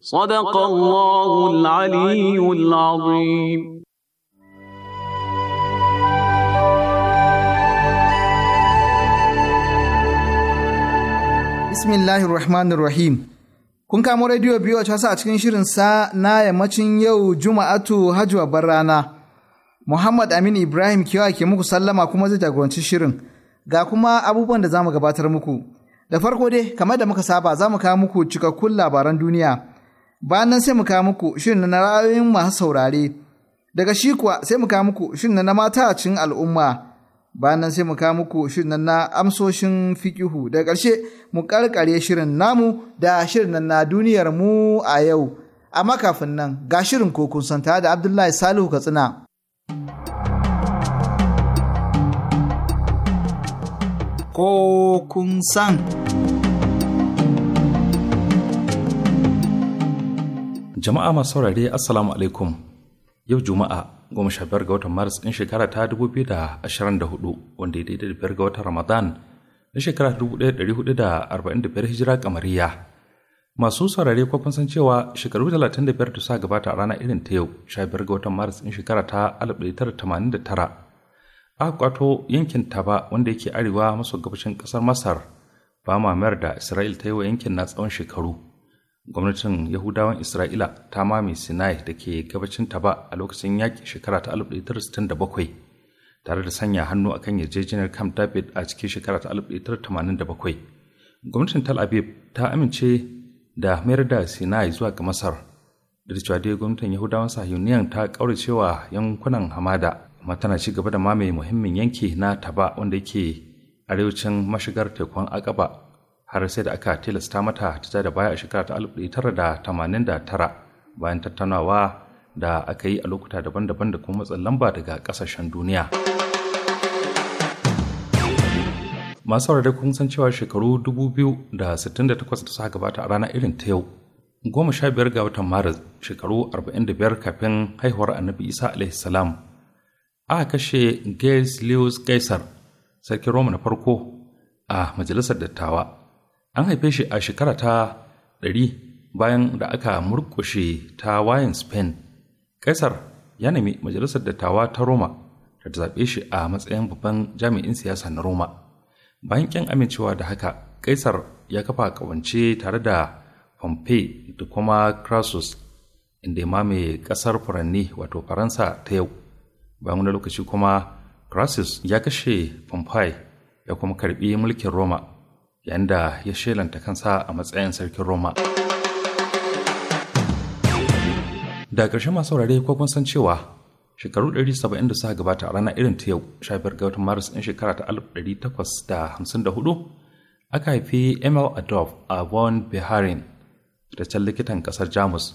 صدق الله العلي العظيم Bismillahir Rahmanir Rahim. Kun kamo rediyo biyu a a cikin shirin sa na yammacin yau Juma'atu Hajjuwa Barrana. Muhammad Amin Ibrahim kiwa ke muku sallama kuma zai jagoranci shirin. Ga kuma abubuwan da za mu gabatar muku. Da farko dai, kamar da muka saba za mu kawo muku cikakkun labaran duniya. ba nan sai mu kawo muku shirin na ra'ayoyin masu saurare daga shi kuwa sai mu kawo muku shirin na mata a cikin al'umma ba nan sai mu kawo muku shirin na amsoshin fikihu daga ƙarshe mu karkare shirin namu da shirin na duniyar mu a yau amma kafin nan ga shirin ko kun santa da Abdullahi Salihu Katsina ko kun san Jama'a masu saurare Assalamu alaikum. Yau Juma'a goma sha biyar ga watan Maris ɗin shekara ta dubu biyu da ashirin da hudu wanda ya daidai da biyar ga watan Ramadan na shekara dubu ɗaya ɗari hudu da arba'in da biyar hijira kamariya. Masu saurare ko kun san cewa shekaru talatin da biyar da sa gabata a rana irin ta yau sha biyar ga watan Maris ɗin shekara ta alif ɗari tara tamanin da tara. Aka kwato yankin Taba wanda yake arewa maso gabashin ƙasar Masar ba ma mayar da Isra'il ta yi wa yankin na tsawon shekaru. gwamnatin yahudawan isra'ila ta mame sinai da ke gabacin ta ba a lokacin yaƙi shekara ta 1967 tare da sanya hannu akan yarjejeniyar camp david a cikin shekara ta 1987 gwamnatin tal aviv ta amince da mayar da sinai zuwa ga masar da cewa dai gwamnatin yahudawan sahiyuniyan ta cewa yankunan hamada amma tana ci gaba da mame muhimmin yanki na taba wanda yake arewacin mashigar tekun akaba har sai da aka tilasta mata ta da baya a shekara ta 1989 bayan tattaunawa da aka yi a lokuta daban-daban da kuma matsin lamba daga kasashen duniya. Masu saurare kun san cewa shekaru 2068 da suka gabata a rana irin ta yau, goma sha biyar ga watan Maris shekaru 45 kafin haihuwar annabi Isa alaihi salam. Aka kashe Gaius Lewis Caesar, sarkin Roma na farko a majalisar dattawa an haife shi a shekara ta ɗari bayan da aka murkushe ta wayan spain kaisar ya nemi majalisar dattawa ta roma da ta zaɓe shi a matsayin babban jami'in siyasa na roma bayan ƙin amincewa da haka kaisar ya kafa ƙawance tare da pompey da kuma crassus inda ya mamaye ƙasar furanni wato faransa ta yau bayan wani lokaci kuma crassus ya kashe pompey ya kuma karɓi mulkin roma yanda ya shelanta kansa a matsayin sarkin Roma. Da ƙarshe masu saurare ko kun san cewa shekaru 170 da suka gabata a ranar irin ta yau 15 ga watan Maris ɗin shekara ta 1854 aka haifi Emil Adolf a Von Beharin da can likitan ƙasar Jamus.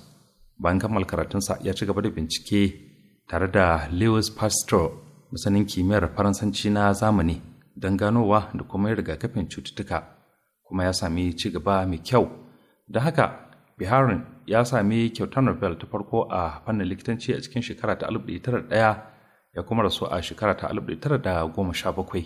Bayan kammala karatunsa ya ci gaba da bincike tare da Lewis Pasteur masanin kimiyyar Faransanci na zamani don ganowa da kuma rigakafin cututtuka kuma ya sami ci gaba mai kyau da haka biharin ya sami kyautar nobel ta farko a fannin likitanci a cikin shekara ta 1901 ya kuma rasu a shekara ta bakwai.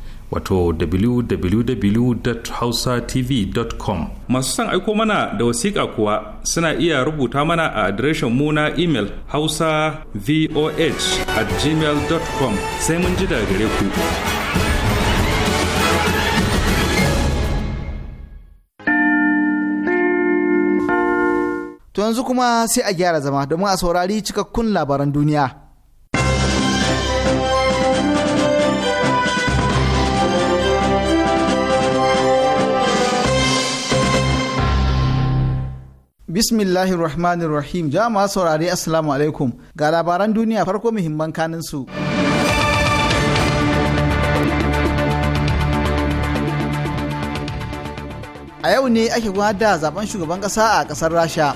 wato www.hausatv.com masu son aiko mana da wasiƙa kuwa suna iya rubuta mana a adireshin mu na imel hausa voh at gmail.com sai mun ji daga gare ku To yanzu kuma sai a gyara zama domin a saurari cikakkun labaran duniya. Bismillahir Rahmanir Rahim. Jama'a saurari Assalamu alaikum. Ga labaran duniya farko muhimman kanin su. A yau ne ake gudanar da zaben shugaban ƙasa a ƙasar Rasha.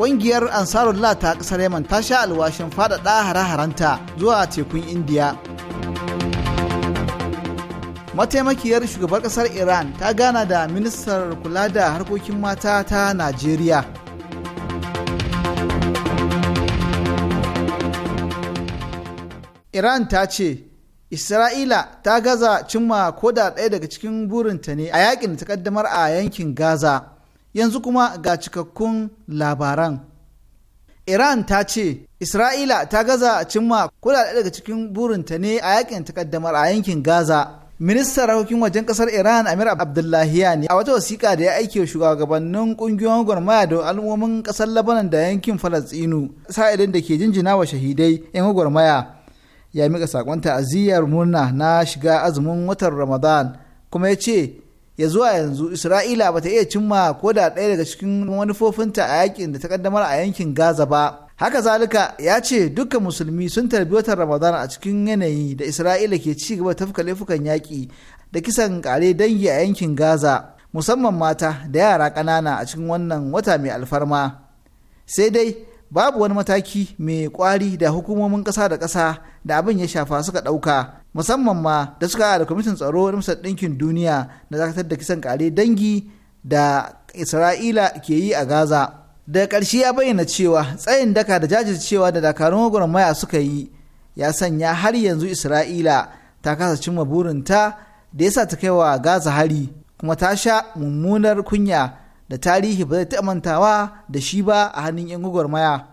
Ƙungiyar Ansarullah ta ƙasar Yaman ta sha alwashin faɗaɗa hare-harenta zuwa tekun Indiya. mataimakiyar shugabar kasar iran ta gana da ministar kula da harkokin mata ta najeriya iran ta ce isra'ila ta gaza cimma koda ɗaya daga cikin burinta ne a yakin da takaddamar a yankin gaza yanzu kuma ga cikakkun labaran iran ta ce isra'ila ta gaza cimma koda ɗaya daga cikin burinta ne a yakin takaddamar a yankin gaza ministan harkokin wajen kasar iran amir ne a wata wasiƙa da ya aike shugabannin ƙungiyoyin gwarmaya da al'ummomin kasar lebanon da yankin falastinu sa'idin da ke jinjina wa shahidai yan gwarmaya ya mika sakon ta'aziyyar murna na shiga azumin watan ramadan kuma ya ce ya zuwa yanzu isra'ila bata iya cimma ko da ɗaya daga cikin manufofinta a yakin da ta kaddamar a yankin gaza ba haka zalika ya ce dukkan musulmi sun tarbi watan ramadan a cikin yanayi da isra'ila ke ci gaba tafka laifukan yaƙi da kisan kare dangi a yankin gaza musamman mata da yara ƙanana a cikin wannan wata mai alfarma sai dai babu wani mataki mai kwari da hukumomin ƙasa da ƙasa da abin ya shafa suka ɗauka musamman ma da suka da kwamitin tsaro na masar ɗinkin duniya na dakatar da kisan kare dangi da isra'ila ke yi a gaza daga ƙarshe ya bayyana cewa tsayin daka da jajircewa da dakarun gwagwarmaya suka yi ya sanya har yanzu isra'ila ta kasa cimma burinta da ya sa ta kai wa gaza hari kuma ta sha mummunar kunya da tarihi ba zai taɓa mantawa da shi ba a hannun 'yan gwagwarmaya.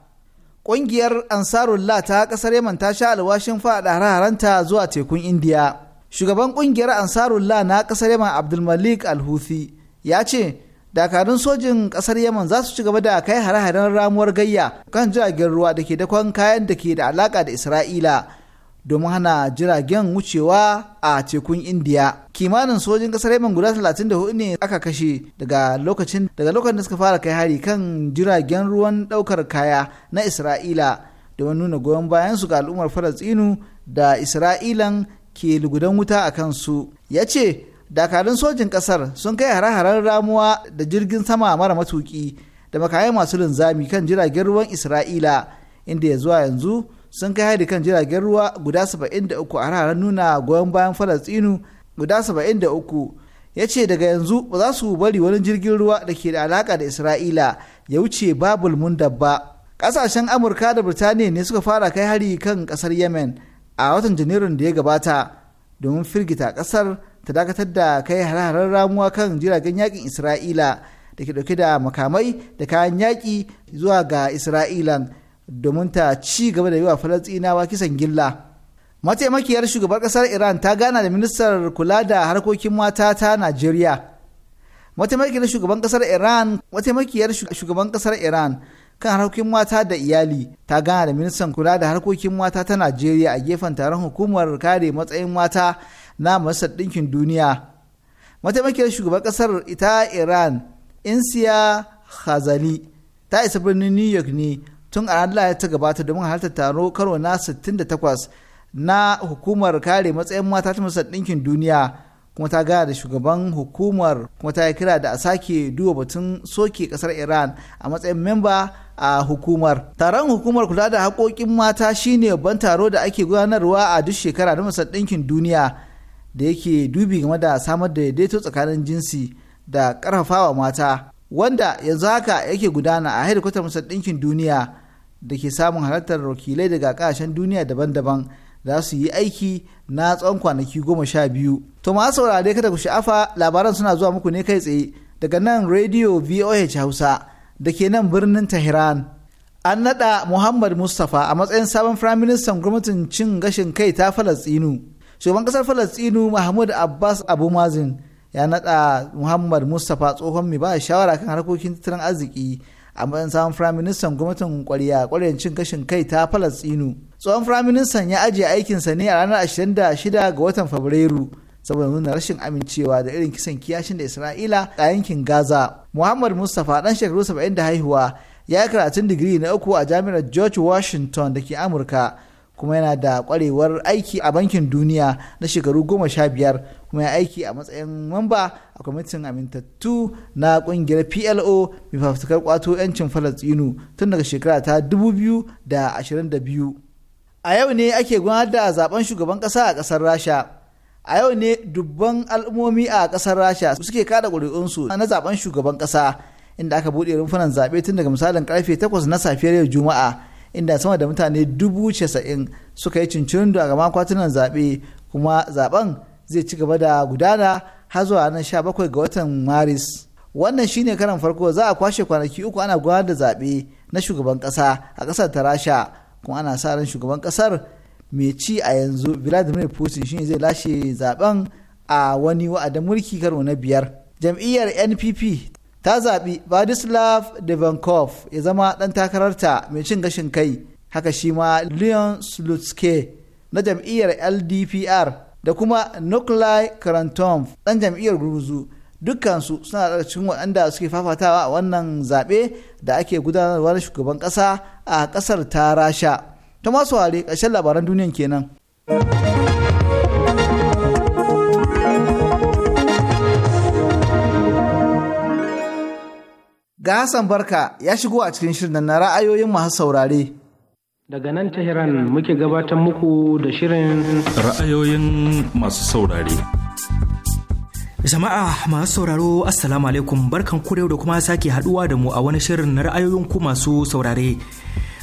Ƙungiyar Ansarullah ta ƙasar Yaman ta sha alwashin faɗa hararanta zuwa tekun Indiya. Shugaban ƙungiyar Ansarullah na ƙasar Yaman Abdulmalik Alhuthi ya ce dakarun sojin kasar yaman za su ci gaba da kai hare-haren ramuwar gayya kan jiragen ruwa da ke dakon kayan da ke da alaka da isra'ila domin hana jiragen wucewa a tekun indiya kimanin sojin kasar yaman guda 34 ne aka kashe daga lokacin daga lokacin da suka fara kai hari kan jiragen ruwan daukar kaya na isra'ila domin nuna goyon bayan su ga al'ummar falastinu da isra'ilan ke lugudan wuta a kansu ya ce dakarun sojin kasar sun kai hare-haren ramuwa da jirgin sama mara matuki da makayan masu linzami kan jiragen ruwan isra'ila inda ya zuwa yanzu sun kai hari kan jiragen ruwa guda 73 a hararen nuna goyon bayan falastinu guda 73 ya ce daga yanzu ba za su bari wani jirgin ruwa da ke da alaka da isra'ila ya wuce babul mun dabba. ƙasashen amurka da birtaniya ne suka fara kai hari kan ƙasar yemen a watan janairun da ya gabata domin firgita ƙasar ta dakatar da kai hare-haren ramuwa kan jiragen yakin isra'ila da ke dauke da makamai da kayan yaƙi zuwa ga isra'ilan domin ta ci gaba da yi wa falastinawa kisan gilla mataimakiyar shugabar ƙasar iran ta gana da ministar kula da harkokin mata ta najeriya mataimakiyar shugaban ƙasar iran mataimakiyar shugaban ƙasar iran kan harkokin mata da iyali ta gana da ministan kula da harkokin mata ta najeriya a gefen taron hukumar kare matsayin mata na masar ɗinkin duniya mataimakiyar shugaban ƙasar ita iran insiya khazali ta isa birnin new york ne tun a ranar ta gabata domin halartar taro karo na 68 na hukumar kare matsayin mata ta masar ɗinkin duniya kuma ta gaya da shugaban hukumar kuma ta yi kira da a sake duba batun soke kasar iran a matsayin memba a hukumar taron hukumar kula da haƙoƙin mata shine babban taro da ake gudanarwa a duk shekara na masar ɗinkin duniya da yake dubi game da samar da daidaito tsakanin jinsi da karfafawa mata wanda yanzu haka yake gudana a hedikwatar masar ɗinkin duniya da ke samun halartar wakilai daga ƙasashen duniya daban-daban za su yi aiki na tsawon kwanaki goma sha biyu. To ma saurare kada ku sha'afa labaran suna zuwa muku ne kai tsaye daga nan Radio VOH Hausa da ke nan birnin Tehran. An naɗa Muhammad Mustapha a matsayin sabon Firaministan gwamnatin cin gashin kai ta Falastinu. shugaban kasar falastinu mahmud abbas abu mazin ya nada muhammad mustapha tsohon mai ba shawara kan harkokin tattalin arziki a matsayin sabon firaministan gwamnatin kwarya kwaryan cin kashin kai ta falastinu tsohon firaministan ya ajiye aikinsa ne a ranar 26 ga watan fabrairu saboda nuna rashin amincewa da irin kisan kiyashin da isra'ila a yankin gaza muhammad mustapha dan shekaru 70 da haihuwa ya yi karatun digiri na uku a jami'ar george washington da ke amurka kuma yana da kwarewar aiki a bankin duniya na shekaru goma sha biyar kuma ya aiki a matsayin mamba a kwamitin amintattu na kungiyar plo mai fafutukar kwato 'yancin falastinu tun daga shekara ta 2022 a yau ne ake gudanar da zaben shugaban kasa a kasar rasha a yau ne dubban al'ummomi a kasar rasha suke kada ƙuri'unsu na zaben shugaban kasa inda aka buɗe rumfunan zaɓe tun daga misalin karfe 8 na safiyar yau juma'a inda sama da mutane dubu casa'in suka yi cincirindo a gaban kwatunan zaɓe kuma zaɓen zai ci gaba da gudana har zuwa ranar sha bakwai ga watan maris wannan shine karan farko za a kwashe kwanaki uku ana gudanar da zaɓe na shugaban ƙasa a ƙasar tarasha kuma ana sa ran shugaban ƙasar mai ci a yanzu vladimir putin shine zai lashe zaɓen a wani wa'adin mulki karo na biyar jam'iyyar npp ta zaɓi Vladislav Devankov ya zama ɗan takararta mai cin gashin kai haka shi ma Leon Slutske na jam'iyyar LDPR da kuma Nuklai Karantom ɗan jam'iyyar Gurguzu dukkansu suna daga cikin waɗanda suke fafatawa a wannan zaɓe da ake gudanarwa na shugaban ƙasa a ƙasar ta rasha ta masu ware ƙarshen labaran duniyan kenan. Gasan Barka ya shigo a cikin shirin na ra'ayoyin masu saurare. Daga nan Tehran muke gabatar muku da shirin ra'ayoyin masu saurare. Jama'a masu sauraro Assalamu alaikum barkan kurewa da kuma sake haduwa da mu a wani shirin na ra'ayoyin ku masu saurare.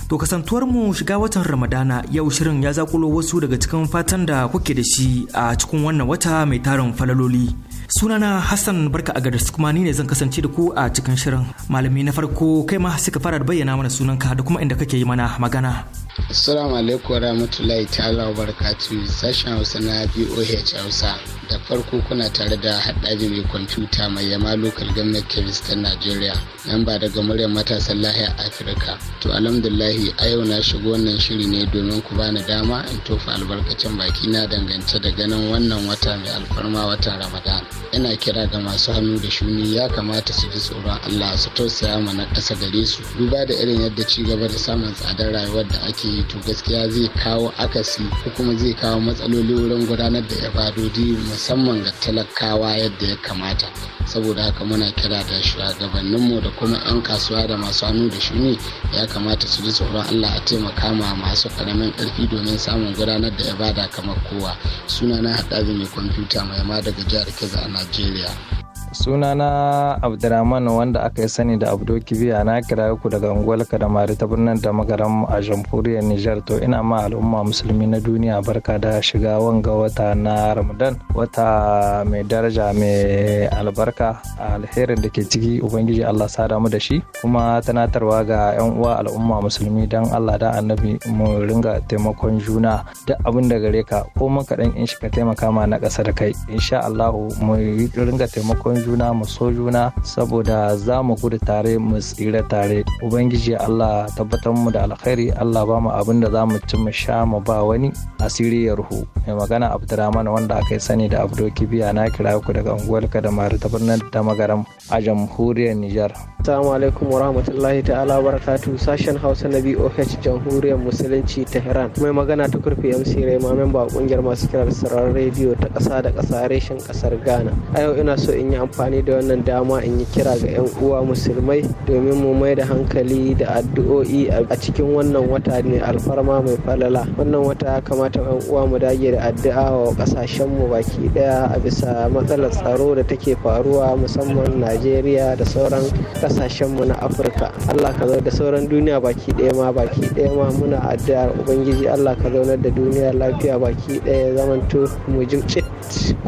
To kasantuwar mu shiga watan Ramadana yau shirin ya zakulo wasu daga cikin fatan da kuke da shi a cikin wannan wata mai tarin falaloli. Sunana Hassan Barka su kuma ni ne zan kasance da ku a cikin shirin. Malami na farko kai ma suka fara bayyana mana sunanka da kuma inda kake yi mana magana. Assalamu alaikum warahmatullahi ta'ala wa barakatuh sashen Hausa na BOH Hausa. Da farko kuna tare da haɗaji mai kwamfuta mai yama lokal gwamnati Kiristan Najeriya. Nan ba daga muryar matasan lahiyar Afirka. To alhamdulahi a yau na shigo wannan shiri ne domin ku bani dama in tofa albarkacin baki na dangance da ganin wannan wata mai alfarma watan Ramadan. Ina kira ga masu hannu da shuni ya kamata su ji tsoron Allah su tausaya mana ƙasa gare su duba da irin yadda ci gaba da samun tsadar rayuwar da ake gwamnati to gaskiya zai kawo akasi ko kuma zai kawo matsaloli wurin gudanar da ibadodi musamman ga talakawa yadda ya kamata saboda haka muna kira da shugabanninmu da kuma 'yan kasuwa da masu hannu da shi ne ya kamata su ji tsoron allah a taimaka ma masu karamin karfi domin samun gudanar da ibada kamar kowa suna na haɗari mai kwamfuta mai ma daga jihar keza a najeriya sunana abdurrahman wanda aka yi sani da abdo kibiya na kira ku daga unguwar kadamari ta birnin da magaram a jamhuriyar nijar to ina ma al'umma musulmi na duniya barka da shiga wanga wata na ramadan wata mai daraja mai albarka A alherin da ke ciki ubangiji allah sada mu da shi kuma tanatarwa ga yan uwa al'umma musulmi dan allah da annabi mu ringa taimakon juna duk abin da gare ka ko mun kaɗan in shi ka taimaka ma na ƙasa da kai insha allahu mu ringa taimakon juna mu so juna saboda za mu gudu tare mu tsira tare ubangiji allah tabbatar mu da alkhairi allah ba mu abin da za mu ci mu sha mu ba wani asiri ya ruhu mai magana abdurrahman wanda aka yi sani da abdo kibiya na kira ku daga unguwar kadamari ta birnin da magaram a jamhuriyar nijar Assalamu alaikum wa rahmatullahi ta wa sashen Hausa na BOH Jamhuriyar Musulunci Tehran. Mai magana ta kurfi MC ma memba kungiyar masu kirar sararin rediyo ta kasa da kasa reshen kasar Ghana. A yau ina so in yi amfani da wannan dama in yi kira ga 'yan uwa musulmai domin mu mai da hankali da addu'o'i a cikin wannan wata ne alfarma mai falala wannan wata ya kamata 'yan uwa mu dage da addu'a wa kasashen mu baki daya a bisa matsalar tsaro da take faruwa musamman najeriya da sauran kasashen mu na afirka allah ka da sauran duniya baki daya ma baki daya ma muna addu'a ubangiji allah ka zaunar da duniya lafiya baki daya zamanto mu jimce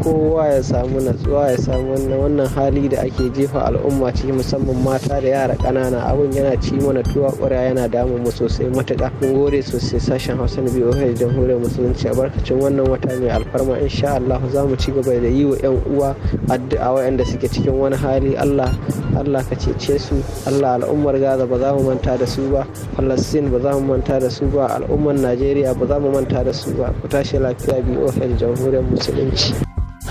kowa ya samu natsuwa ya samu wannan wannan hali da ake jefa al'umma ciki musamman mata da yara kanana abun yana ci mana tuwa ƙwarya yana damun mu sosai matuƙa mun gode sosai sashen hausa na biyu da jamhuriyar musulunci albarkacin wannan wata mai alfarma insha Allah za mu ci gaba da yi wa 'yan uwa addu'a waɗanda suke cikin wani hali Allah Allah ka cece su Allah al'ummar Gaza ba za mu manta da su ba Palestine ba za mu manta da su ba al'ummar Najeriya ba za mu manta da su ba ku tashi lafiya biyu jamhuriyar musulunci.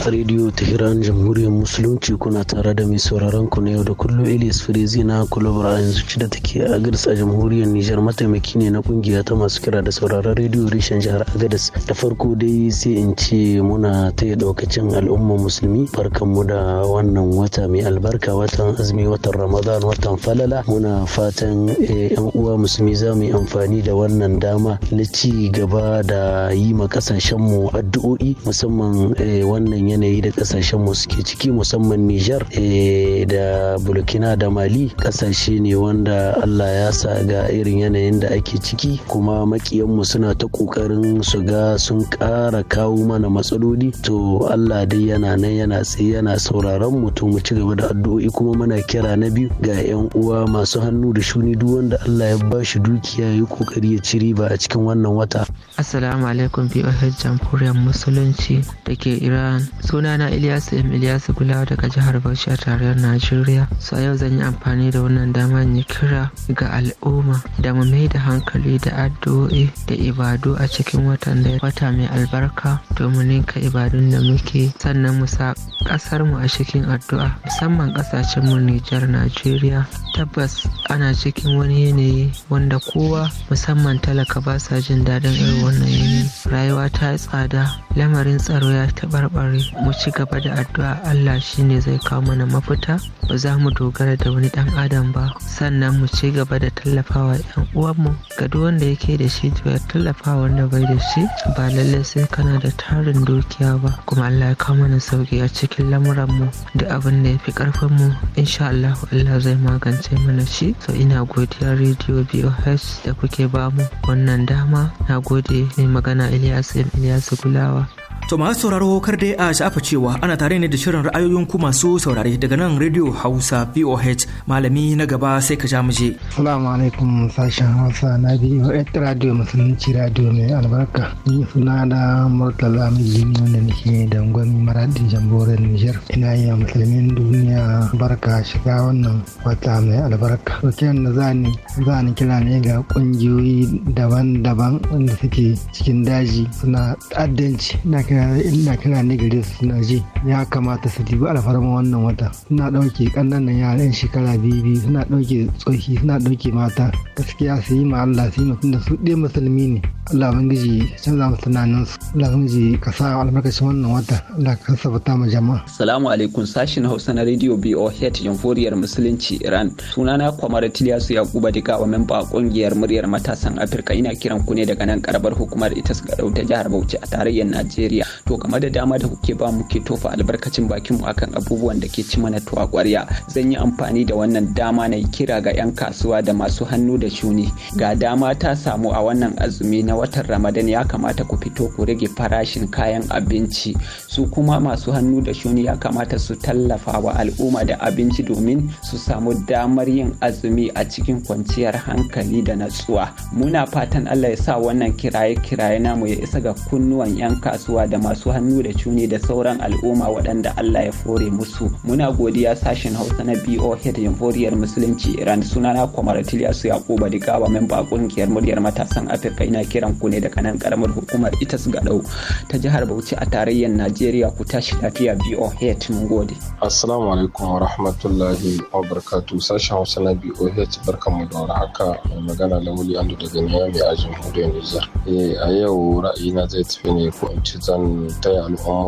rediyo tehran jamhuriyar musulunci kuna tare da mai sauraron ku na yau da kullum ilis firizi na kulabar a yanzu da take a agadas a jamhuriyar nijar mataimaki ne na kungiya ta masu kira da sauraron rediyo reshen jihar agadas da farko dai sai in ce muna taya daukacin al'ummar musulmi farkon mu da wannan wata mai albarka watan azumi watan ramadan watan falala muna fatan eh, yan uwa musulmi za mu yi amfani da wannan dama na ci gaba da yi ma kasashenmu addu'o'i musamman eh, wannan yanayi da kasashen mu suke ciki musamman Nijar eh, da Burkina da Mali kasashe ne wanda Allah ya sa ga irin yanayin da ake ciki kuma makiyan mu suna ta kokarin su ga sun ƙara kawo mana matsaloli to Allah dai yana nan yana tsaye yana sauraron mu to mu ci gaba da addu'o'i kuma muna kira na biyu ga 'yan uwa masu hannu da shuni duk wanda Allah ya ba shi dukiya ya kokari ya ci riba a cikin wannan wata. Assalamu alaikum POH Jamhuriyar Musulunci da ke Iran sunana Ilyas M Ilyas Gulawa daga jihar Bauchi a tarayyar Najeriya. So yau zan yi amfani da wannan dama in kira ga al'umma da mu mai da hankali da addu'o'i da ibadu a cikin watan da wata mai albarka domin ninka ibadun da muke sannan mu sa kasar mu a cikin addu'a musamman kasashen mu Nijar Najeriya. Tabbas ana cikin wani yanayi wanda kowa musamman talaka ba sa jin daɗin irin wannan yanayi. Rayuwa ta yi tsada, lamarin tsaro ya taɓarɓare mu ci gaba da addu'a Allah shi ne zai kawo mana mafita ba za mu dogara da wani dan adam ba sannan mu ci gaba da tallafawa yan uwanmu ga duk wanda yake da shi to ya tallafa wanda bai da shi ba lallai sai kana da tarin dukiya ba kuma Allah ya kawo mana sauki a cikin lamuran mu da abin da ya fi karfin mu insha Allah Allah zai magance mana shi so ina godiya rediyo BOH da kuke bamu wannan dama na gode ne magana Ilyas Ilyas Gulawa To masu sauraro kar dai a shafa cewa ana tare ne da shirin ra'ayoyin ku masu saurare daga nan Radio Hausa VOH malami na gaba sai ka ja mu je. Assalamu alaikum sashen Hausa na et Radio Musulunci Radio mai albarka. Ni suna da Murtala Mijini wanda nake da gwami maradin jamborin Nijar. Ina yi a musulmin duniya barka shiga wannan wata mai albarka. Rokiyan da zani zani kira ne ga kungiyoyi daban-daban wanda suke cikin daji suna ta'addanci. na kira kira ne suna ji ya kamata su dubi alfarma wannan wata suna kannan nan yaran shekara biyu suna dauke tsoki suna dauke mata gaskiya su yi ma Allah su yi mutum da su ɗaya musulmi ne Allah bangiji canza musu tunanin su Allah bangiji ka sa albarkacin wannan wata Allah ka sabata ma jama'a. Assalamu alaikum sashin Hausa na Radio BOH Jamhuriyar Musulunci Iran sunana Kwamar Tiliyasu Yakuba Dikawa memba kungiyar muryar matasan Afirka ina kiran ku ne daga nan karamar hukumar ita suka ta jihar Bauchi a tarayyar Najeriya. to kamar da dama da kuke ba mu ke tofa albarkacin bakin mu akan abubuwan da ke ci mana tuwa kwarya zan yi amfani da wannan dama na kira ga 'yan kasuwa da masu hannu da shuni ga dama ta samu a wannan azumi na watan Ramadan ya kamata ku fito ku rage farashin kayan abinci su kuma masu hannu da shuni ya kamata su tallafa wa al'umma da abinci domin su samu damar yin azumi a cikin kwanciyar hankali da natsuwa muna fatan Allah ya sa wannan kiraye-kiraye namu ya isa ga kunnuwan 'yan kasuwa da masu hannu da cuni da sauran al'umma waɗanda Allah ya fore musu. Muna godiya sashen Hausa na BOH Jamhuriyar Musulunci Iran sunana Kwamar Tiliyasu Yakuba Digawa memba ƙungiyar muryar matasan Afirka ina kiran ku ne daga nan karamar hukumar Itas Gadau ta jihar Bauchi a tarayyar Najeriya ku tashi lafiya BOH mun gode. Assalamu alaikum wa rahmatullahi wa barakatuh sashen Hausa na BOH barkanmu da warhaka mai magana Lamuli Andu daga Niamey a jamhuriyar Nijar. Eh a yau ra'ayina zai tafi ne ko in ci zan mu taya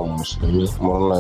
musulmi murna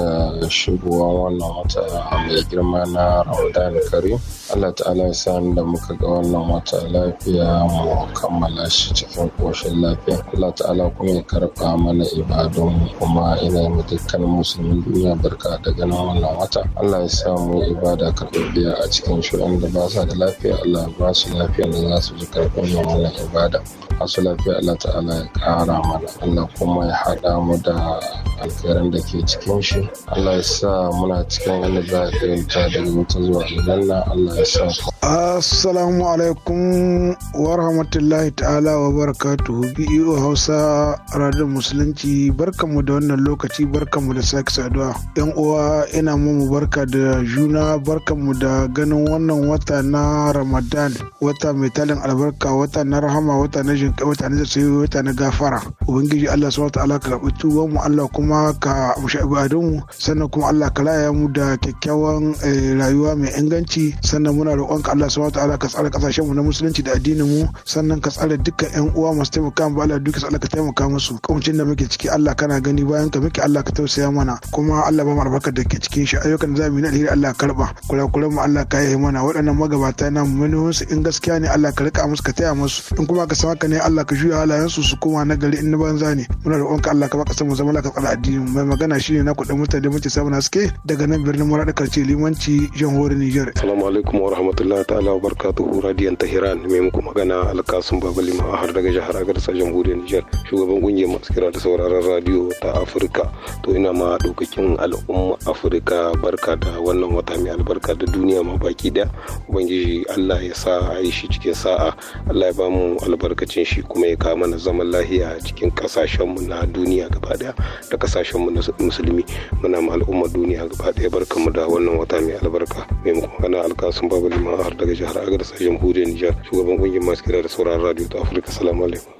shigowa wannan wata mai girma na Ramadan Karim. Allah ta'ala ya sa da muka ga wannan wata lafiya mu kammala shi cikin koshin lafiya. Allah ta'ala kuma ya karɓa mana ibadun kuma ina mu dukkan musulmin duniya barka da ganin wannan wata. Allah ya sa mu ibada karɓaɓɓiya a cikin shi da ba sa da lafiya Allah ba su lafiya da za su ji karɓar wannan ibada. Masu lafiya Allah ta'ala ya ƙara mana Allah kuma ya haɗa mu da alkhairan da ke cikin shi Allah ya sa muna cikin wanda za a ta daga mutu zuwa aljanna Allah ya sa Assalamu alaikum wa rahmatullahi ta'ala wa barakatuhu biyu e Hausa radar Musulunci barkanmu da wannan lokaci barkanmu da sake saduwa. ‘Yan uwa ina mu barka da juna barkanmu da ganin wannan wata na Ramadan wata mai talin albarka wata na rahama wata na jinka wata na zai wata na gafara. Ubangiji Allah subhanahu ta'ala ka karɓi mu Allah kuma ka amshi sannan kuma Allah ka laya mu da kyakkyawan eh, rayuwa mai inganci sannan muna roƙon ka Allah subhanahu wataala ka tsara kasashen mu na musulunci da addinin mu sannan ka tsara dukkan ƴan uwa masu taimaka mu Allah duka Allah ka taimaka musu kauncin da muke ciki Allah kana gani bayan ka muke Allah ka tausaya mana kuma Allah ba mu albarka da ke cikin shi ayyukan da zamu yi na alheri Allah karba kurakuran mu Allah ka yi mana waɗannan magabata na mu su in gaskiya ne Allah ka rika musu ka taya musu in kuma ka saka ne Allah ka juya halayen su su koma na gari in na banza ne muna roƙon ka Allah ka baka san mu zama laka tsara addinin mu mai magana shine na kuɗin mutane muke samu na suke daga nan birnin mu Maraɗa Karce limanci jamhuriyar Niger assalamu alaikum wa rahmatullahi rahmatullahi ta'ala wa barakatuhu radiyan Tehran mai muku magana alkasun babali har daga jihar Agadez jamhuriyar Nijar shugaban kungiyar masu kira da sauraron radio ta Afirka to ina ma dokokin al'umma Afirka barka da wannan wata mai albarka da duniya ma baki da ubangiji Allah ya sa a yi shi cikin sa'a Allah ya ba mu albarkacin shi kuma ya kawo mana zaman lahiya cikin kasashen mu na duniya gaba daya da kasashen mu na musulmi muna ma al'umma duniya gaba daya barkamu da wannan wata mai albarka mai muku magana alkasun babali har daga jihar Agar a jamhuriyar Nijar shugaban kungiyar masu kira da sauraron radio ta Afirka salamu alaikum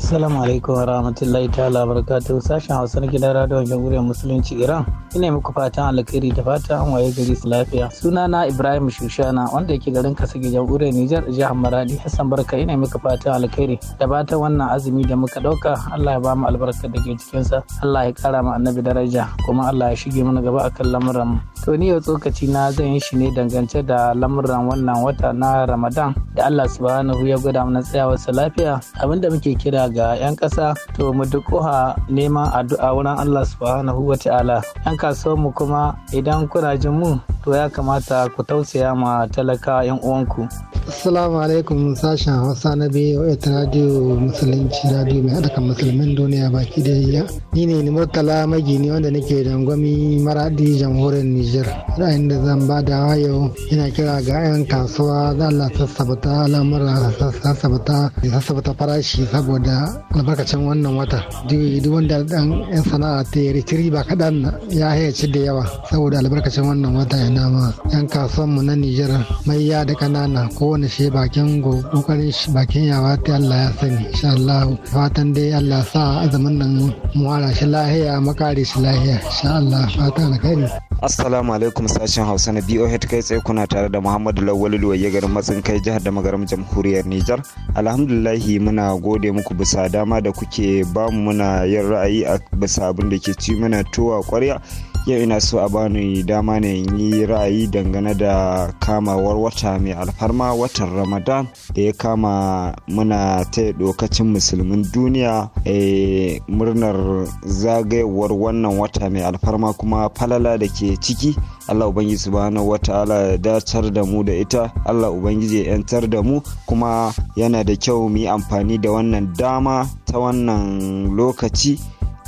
Assalamu alaikum wa rahmatullahi ta'ala barakatuh sashen Hausa na gidan radiyon jamhuriyar musulunci Iran. Ina muku fatan alkhairi da fatan an waye gari su lafiya. Sunana Ibrahim Shushana wanda yake garin Kasige jamhuriyar Nijar jihar Maradi Hassan Barka ina muku fatan alkhairi da fatan wannan azumi da muka ɗauka? Allah ya ba mu albarka da ke cikin sa. Allah ya kara mu annabi daraja kuma Allah ya shige mana gaba akan lamuran. To ni yau tsokaci na zan yi shi ne dangance da lamuran wannan wannan wata na Ramadan da Allah subhanahu ya gwada mana tsayawarsa lafiya abinda muke kira ga 'yan ƙasa to mu dukuha neman addu'a wurin Allah subhanahu wa ta'ala 'yan kasuwanmu kuma idan kuna jin mu to ya kamata ku tausaya ma talaka 'yan uwanku Assalamu alaikum sashen Hausa na ta Radio Musulunci Radio mai haɗakan musulmin duniya baki da ya. Ni ne ni Murtala Magini wanda nake dangwami maradi jamhuriyar Nijar. Ra'ayin da zan ba da yau yana kira ga 'yan kasuwa da Allah sassabta al'amura sassabta sassabata farashi saboda albarkacin wannan wata duk wanda dan yan sana'a ta yi rikiri ba kaɗan ya hayaci da yawa saboda albarkacin wannan wata ya nama yan kasuwan mu na Nijar mai ya da ƙanana kowane shi bakin kokarin shi bakin yawa ta Allah ya sani insha Allah fatan dai Allah sa azumin nan mu ara shi lahiya makare shi lahiya insha Allah fatan kai assalamu alaikum sashen Hausa na BOH kai tsaye kuna tare da Muhammadu Lawal Awalul ya garin matsin kai jihar da magaram jamhuriyar Nijar. Alhamdulillahi muna gode muku bisa dama da kuke bamu muna yin ra'ayi a bisa abin da ke ci mana towa kwarya yau ina so a bani dama ne yi ra'ayi dangane da kamawar wata mai alfarma watan ramadan da ya kama muna ta dokacin musulmin duniya e, murnar zagayewar wannan wata mai alfarma kuma falala da ke ciki allah ubangiji subhanahu wata'ala ya dacar da mu da ita allah ubangiji ya yantar da mu kuma yana da kyau mu yi amfani da wannan dama ta wannan lokaci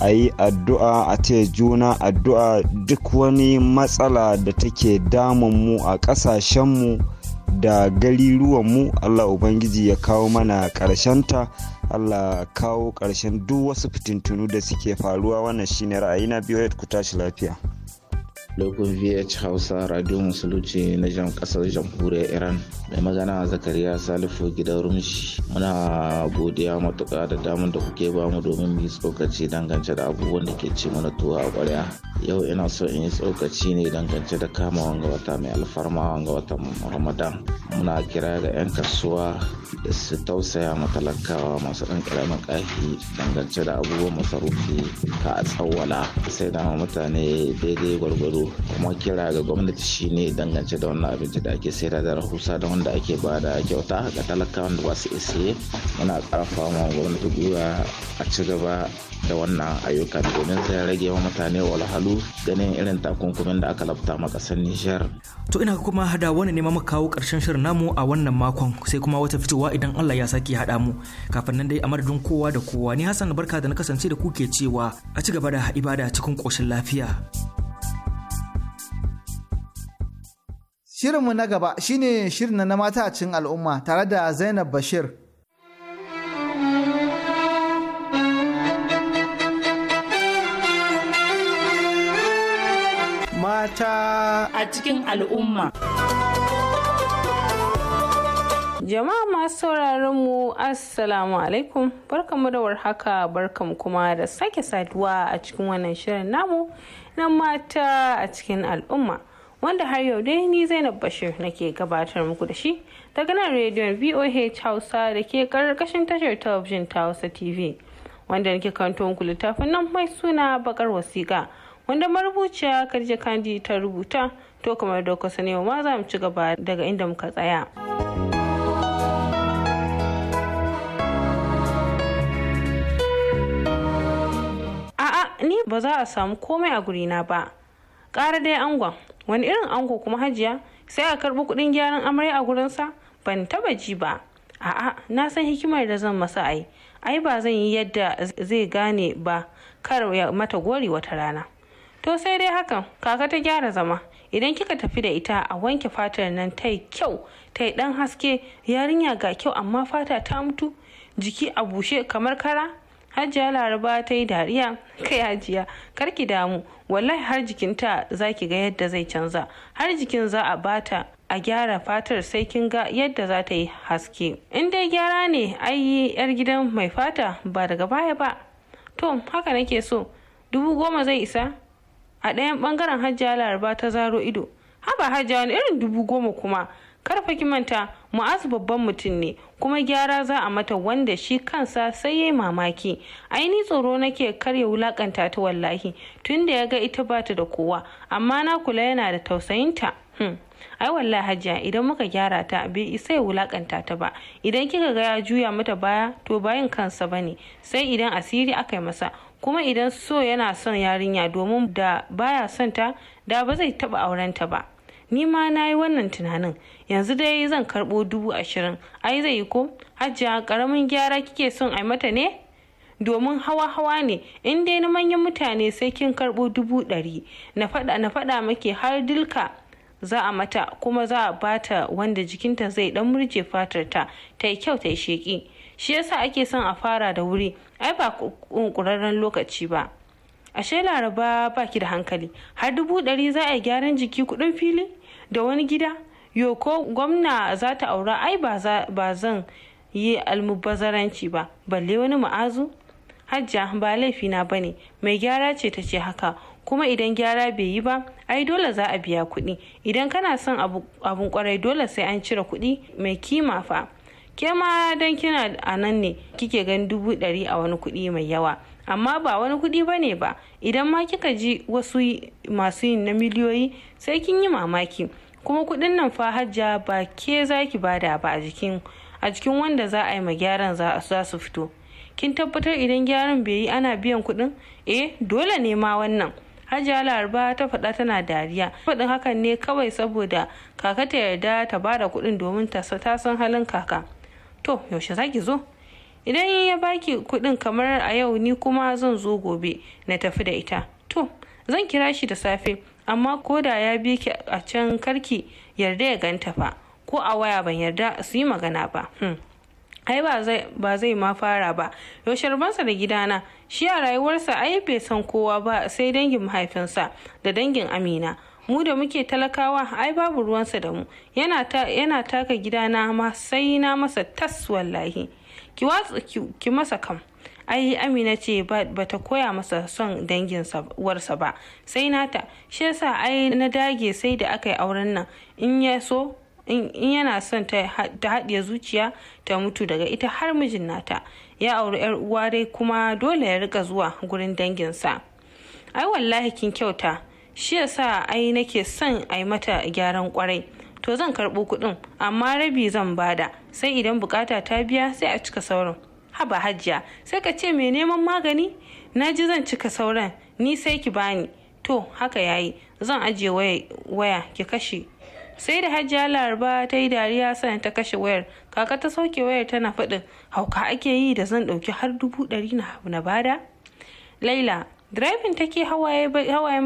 a yi addu'a a ce juna addu'a duk wani matsala da take damun mu a ƙasashenmu da gariruwanmu allah ubangiji ya kawo mana ƙarshenta allah kawo karshen duk wasu fitintunu da suke faruwa wannan shine ra'ayi na biyu ku tashi lafiya lokacin vh hausa radio musulunci na jan kasar jamhuriyar iran mai magana zakariya salifu gidan rumshi muna godiya matuka da damar da kuke ba mu domin mu yi tsokaci dangance da abubuwan da ke ci mana tuwa a kwarya yau ina so in yi tsokaci ne dangance da kama wanga wata mai alfarma wanga wata ramadan muna kira ga 'yan kasuwa da su tausaya matalakawa masu ɗan ƙaramin ƙahi dangance da abubuwan masarufi ka a tsawwala sai da mutane daidai gwargwaro kuma kira ga gwamnati shine dangance da wannan abinci da ake sayar da rahusa da wanda ake ba da kyauta ga talaka wanda ba su isa muna karfa ma gwamnati gwiwa a ci gaba da wannan ayyuka domin sai rage wa mutane walhalu ganin irin takunkumin da aka lafta ma kasar Nijar. To ina kuma hada wani ne muka kawo karshen shirin namu a wannan makon sai kuma wata fitowa idan Allah ya sake haɗa mu kafin nan dai a madadin kowa da kowa ni Hassan barka da na kasance da ku ke cewa a ci gaba da ibada cikin koshin lafiya. Shirinmu na gaba shine shirin na mata a al'umma tare da Zainab Bashir. Mata a cikin al'umma. Jama'a masu sauraron mu Assalamu alaikum barkamu da warhaka barkamu kuma da sake saduwa a cikin wannan shirin namu na mata a cikin al'umma. wanda har yau dai ni zainab bashir nake gabatar muku da shi daga nan rediyon voh hausa da ke karkashin tashar talabijin ta hausa tv wanda nake kanto muku littafin nan mai suna bakar wasiƙa wanda marubuciya karje kandi ta rubuta to kamar da kusa ne ma za mu ci gaba daga inda muka tsaya. A'a ni ba za a samu komai a gurina ba. Ƙara dai angon wani irin ango kuma hajiya sai a karbi kudin gyaran amarya a gurinsa ban taba ji ba a'a na san hikimar da zan masa ai ai ba zan yi yadda zai gane ba kar ya mata gori wata rana to sai dai hakan kaka ta gyara zama idan kika tafi da ita a wanke fatar nan ta yi kyau ta yi dan haske yarinya ga kyau amma fata ta mutu jiki a bushe kamar kara hajiya laraba ta yi dariya kai hajiya ki damu wallahi har jikinta za ki ga yadda zai canza har jikin za a bata a gyara fatar sai kin ga yadda za ta yi haske in dai gyara ne ayi yar gidan mai fata ba daga baya ba to haka nake so dubu goma zai isa a ɗayan ɓangaren hajiya laraba ta zaro ido haba hajiya wani irin dubu goma kuma karfa ki manta mu'azu babban mutum ne kuma gyara za a mata wanda shi kansa sai yayi mamaki aini tsoro nake kar ya wulakanta ta wallahi tunda ya ga ita bata da kowa amma na kula yana da tausayinta hmm. ai wallahi hajiya idan muka gyara ta bai isa ya wulakanta ta ba idan kika ga ya juya mata baya to bayan kansa bane sai idan asiri aka yi masa kuma idan so yana son yarinya domin da baya son ta da ba zai taba auren ta ba ni ma na yi wannan tunanin yanzu dai zan karɓo dubu ashirin ai zai yi ko hajiya ƙaramin gyara kike son ai mata ne domin hawa-hawa ne in dai na manyan mutane sai kin karɓo dubu ɗari na faɗa maki har dilka za a mata kuma za a bata wanda jikinta zai dan murje fatar ta ta yi kyau ta yi sheƙi shi yasa ake son a fara da wuri ai ba ƙunƙurarren lokaci ba ashe laraba baki da hankali har dubu ɗari za a yi gyaran jiki kuɗin fili da wani gida yo ko gwamna za ta aura ai ba zan yi almubazaranci ba balle wani ma'azu hajja ba laifi na bane mai gyara ce ta ce haka kuma idan gyara bai yi ba ai dole za a biya kuɗi idan kana son abun kwarai dole sai an cire kuɗi mai kima fa ke ma don kina a nan ne kike gan dubu ɗari a wani kuɗi mai yawa amma ba wani kuɗi ba ne ba idan ma kika ji wasu masu yin na miliyoyi sai kin yi mamaki kuma kuɗin nan fa hajja ba ke za ki bada ba a jikin a jikin wanda za a yi ma gyaran za su fito kin tabbatar idan gyaran bai yi ana biyan kuɗin eh dole ne ma wannan Hajja Laraba ta faɗa tana dariya. Faɗin hakan ne kawai saboda kaka ta yarda ta bada kuɗin domin ta san halin kaka. To, yaushe za ki zo? Idan ya baki kuɗin kamar a yau ni kuma zan zo gobe na tafi da ita. To, zan kira shi da safe. amma ko da ya bi ki a can karki yarda ya ganta fa ko a waya ban yarda su yi magana ba hmm. ai ba zai ma fara ba yaushe bansa da gidana shi a rayuwarsa ai bai san kowa ba sai dangin mahaifinsa da dangin amina mu da muke talakawa ai babu ruwansa da mu yana taka gidana ma sai na masa tas wallahi ki masa kam ai amina ce ba ta koya masa son dangin uwarsa ba sai nata shi yasa ai na dage sai da aka yi auren nan in ya so in yana son ta haɗiye zuciya ta mutu daga ita har mijin nata ya auri yar uwa dai kuma dole ya rika zuwa gurin danginsa ai wallahi kin kyauta shi yasa ai nake son ai mata gyaran kwarai to zan karɓo kuɗin amma rabi zan bada sai idan bukata ta biya sai a cika sauran haba hajiya sai ka ce mai neman magani na ji zan cika sauran ni sai ki bani to haka yayi zan ajiye waya ki kashe sai da hajjiya laraba ta yi dariya sannan ta kashe wayar kaka ta sauke wayar tana faɗin hauka ake yi da zan ɗauki har dubu ɗari na bada laila driving take hawayen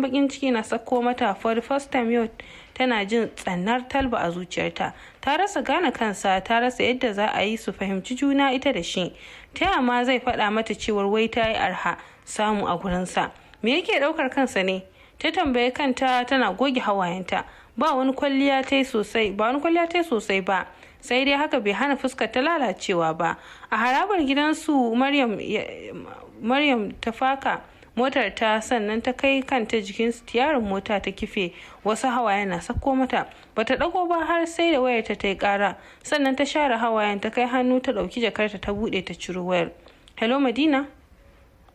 bakin ciki na sako mata for the first time yau tana jin tsannar talba a zuciyarta ta rasa gane kansa ta rasa yadda za a yi su fahimci juna ita da shi ta ma zai faɗa mata cewar wai ta yi arha samu a gurinsa me yake ɗaukar kansa ne ta tambaye kanta tana goge hawayenta ba wani kwalliya ta yi sosai ba wani kwalliya ta yi sosai ba sai dai haka bai hana fuskar ta lalacewa ba a harabar gidansu maryam ta faka motar ta sannan ta kai kanta jikin yaron mota ta kife wasu hawaye na sako mata bata dago ba har sai da wayarta ta yi kara sannan ta share hawayen ta kai hannu ta dauki jakarta ta bude ta ciro wayar hello madina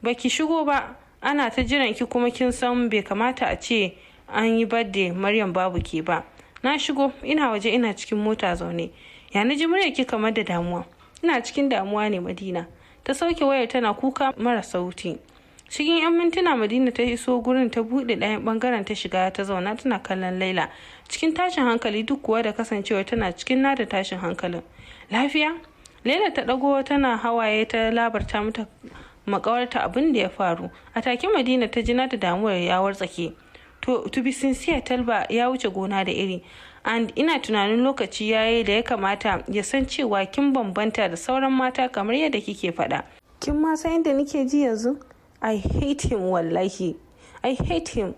baki shigo ba ana ta jiran ki kuma kin san bai kamata a ce an yi badde maryam babu ke ba na shigo ina waje ina cikin mota zaune ya ji ki kamar da damuwa ina cikin damuwa ne madina ta sauke wayar tana kuka mara sauti cikin 'yan mintuna madina ta iso gurin ta buɗe ɗayan ɓangaren ta shiga ta zauna tana kallon laila cikin tashin hankali duk kuwa da kasancewa tana cikin nada tashin hankalin lafiya laila ta ɗago tana hawaye ta labarta mata makawarta abin da ya faru a take madina ta ji nata damuwar ya wartsake to to be sincere talba ya wuce gona da iri and ina tunanin lokaci yayi da ya kamata ya san cewa kin bambanta da sauran mata kamar yadda kike faɗa kin ma san inda nike ji yanzu i hate him wallahi i hate him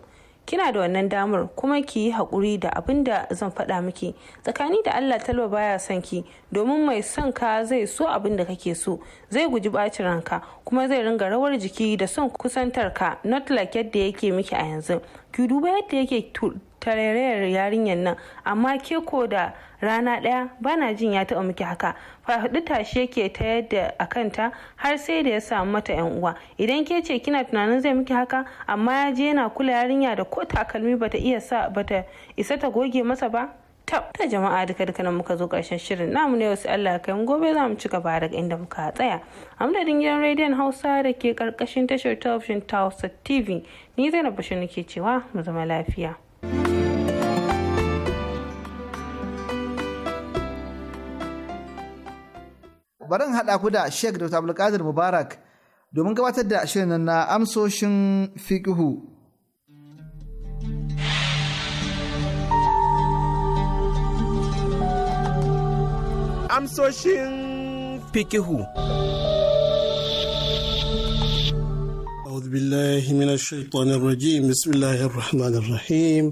kina da wannan damar kuma ki yi haƙuri da abin da zan faɗa miki tsakani da allah talba baya son ki domin mai son ka zai so abin da kake so zai guji ɓacin ranka kuma zai ringa rawar jiki da son kusantar ka not like yadda yake miki a yanzu ki duba yadda yake tarayyar yarinyar nan amma ke ko da rana ɗaya bana jin ya taɓa miki haka faɗi tashi yake ta yadda a kanta har sai da ya samu mata yan uwa idan ke ce kina tunanin zai miki haka amma ya je yana kula yarinya da ko takalmi bata iya sa bata isa ta goge masa ba tab ta jama'a duka duka nan muka zo karshen shirin namu ne wasu Allah kai mu gobe za mu ci gaba daga inda muka tsaya a amdadin gidan rediyon Hausa da ke karkashin tashar talabijin ta TV ni Zainab Bashir nake cewa mu zama lafiya bari in haɗa ku da Sheikh Dr. Abdulkadir Mubarak domin gabatar da shirin na amsoshin fiƙihu. Amsoshin fiƙihu. أعوذ بالله من الشيطان الرجيم بسم الله الرحمن الرحيم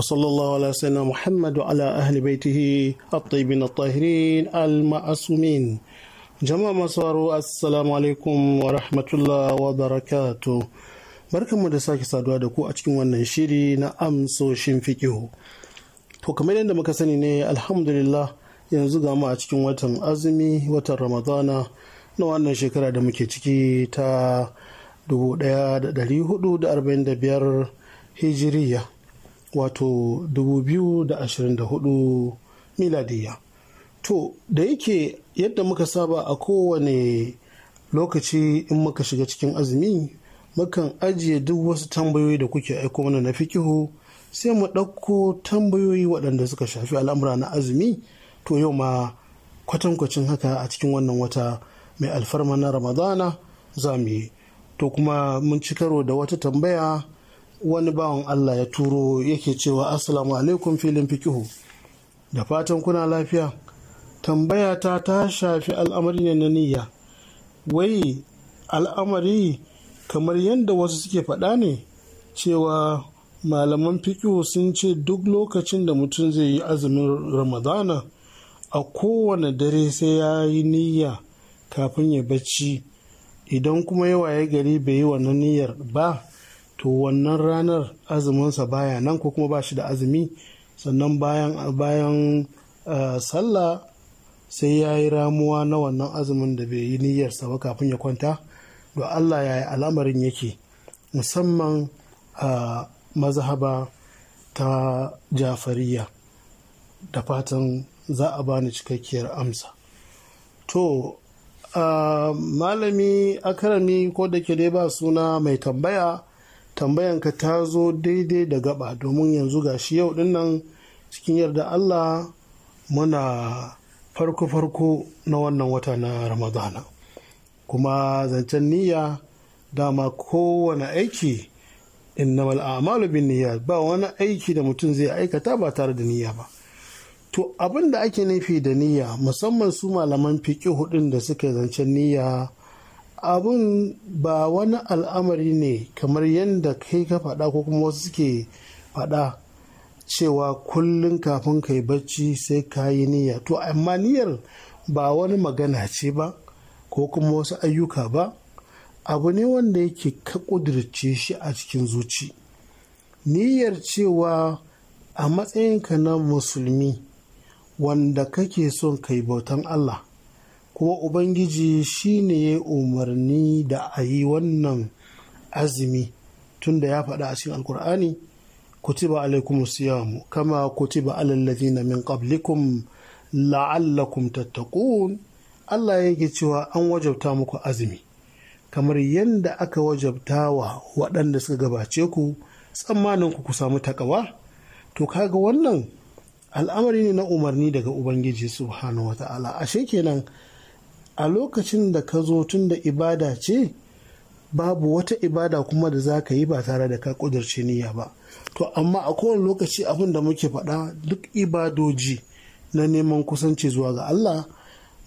وصلى الله على سيدنا محمد وعلى أهل بيته الطيبين الطاهرين المعصومين jama'a masu haro assalamu alaikum wa rahmatullah wa barakatu barkanmu da sake saduwa da ku a cikin wannan shiri na amsoshin fikihu to kamar yadda muka sani ne alhamdulillah yanzu ga mu a cikin watan azumi watan ramadana na wannan shekara da muke ciki ta 1445 hijiriya wato 2024 miladiyya to da yake yadda muka saba a kowane lokaci in muka shiga cikin azumi mukan ajiye duk wasu tambayoyi da kuke aiko mana na fikihu sai mu ɗauko tambayoyi waɗanda suka shafi al'amura na azumi to yau ma kwatankwacin haka a cikin wannan wata mai alfarma na ramadana za mu yi to kuma mun ci karo da wata tambaya wani bawan allah ya turo yake cewa asalamu alaikum filin fikihu da fatan kuna lafiya Tambayata ta shafi al'amari ne na niyya wai al'amari kamar yadda wasu suke faɗa ne cewa malaman fiƙo sun ce duk lokacin da mutum zai yi azumin ramadana a kowane dare sai ya yi niyya kafin ya bacci idan kuma yawa ya gari bai yi wannan niyyar ba to wannan ranar azuminsa baya nan ko kuma ba shi da azumi sannan bayan eh, sallah sai ya yi ramuwa na wannan azumin da bai yi niyyarsa ba kafin ya kwanta da Allah ya yi al'amarin yake musamman a mazhaba ta jafariya da fatan za a bani cikakkiyar amsa to a malami akarami ko da ke dai ba suna mai tambaya tambayanka ta zo daidai da gaba domin yanzu ga shi yau dinnan cikin yarda Allah muna farko-farko na wannan wata na ramadana kuma zancen niyya dama kowane aiki innamal a'malu bin niyya ba wani aiki da mutum zai aikata ba tare da niyya ba to abin da ake nufi da niyya musamman su malaman fiƙi hudun da suka zancen niyya abin ba wani al'amari ne kamar yadda kai ka faɗa ko kuma wasu suke faɗa cewa kullum kafin ka yi bacci sai ka yi niyya to amma niyyar ba wani magana ce ba ko kuma wasu ayyuka ba abu ne wanda yake ka ƙudirce shi a cikin zuci niyyar cewa a matsayinka na musulmi wanda kake son ka yi bautan Allah kuma Ubangiji shi ne ya umarni da a yi wannan azumi tunda ya faɗa a cikin alkur'ani kutiba alaikum siyamu kama kutiba alal ladina min qablikum la'allakum tattaqun Allah yake cewa an wajabta muku azumi kamar yadda aka wajabta wa waɗanda suka gabace ku tsammanin ku ku samu takawa to kaga wannan al'amari ne na umarni daga ubangiji subhanahu wata'ala ashe kenan a lokacin da ka zo tun da ibada ce babu wata ibada kuma da za ka yi ba tare da ka ƙudurce niyya ba to amma a kowane lokaci abin da muke faɗa duk ibadoji na neman kusanci zuwa ga Allah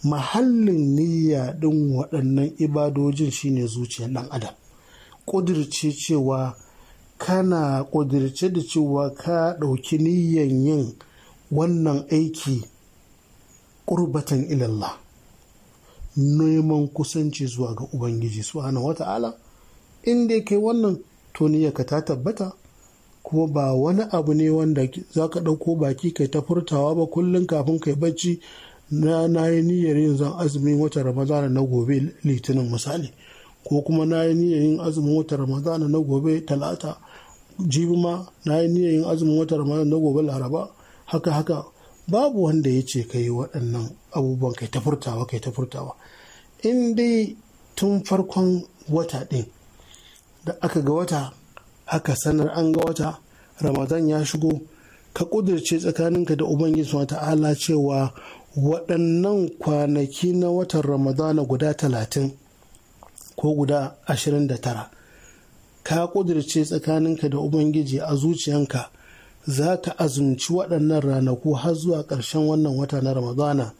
mahallin niyya ɗin waɗannan ibadojin shine zuciyar ɗan adam ƙudirce cewa kana ƙudirce da cewa ka ɗauki niyyan yin wannan aiki ƙurbatan ilallah neman kusanci zuwa ga ubangiji subhanahu wata'ala inda ya kai wannan to niyyarka ta tabbata kuma ba wani abu ne wanda za ka ɗauko baki kai ta furtawa ba kullum kafin kai bacci na na yi niyyar yin zan azumin wata ramadana na gobe litinin misali ko kuma na yi niyyar yin azumin wata ramadana na gobe talata jibi ma na yi niyyar yin azumin wata ramadana na gobe laraba haka haka babu wanda ya ce ka yi waɗannan abubuwan kai ta furtawa kai ta furtawa in dai tun farkon wata ɗin da aka ga wata aka sanar an ga wata ramadan ya shigo ka ƙudurce tsakaninka da ubangiji wa ta'ala cewa waɗannan kwanaki na watan ramadana guda talatin ko guda ashirin da tara ka ƙudurce tsakaninka da ubangiji a zuciyanka za ka azumci waɗannan ranaku har zuwa ƙarshen wannan wata na ramadana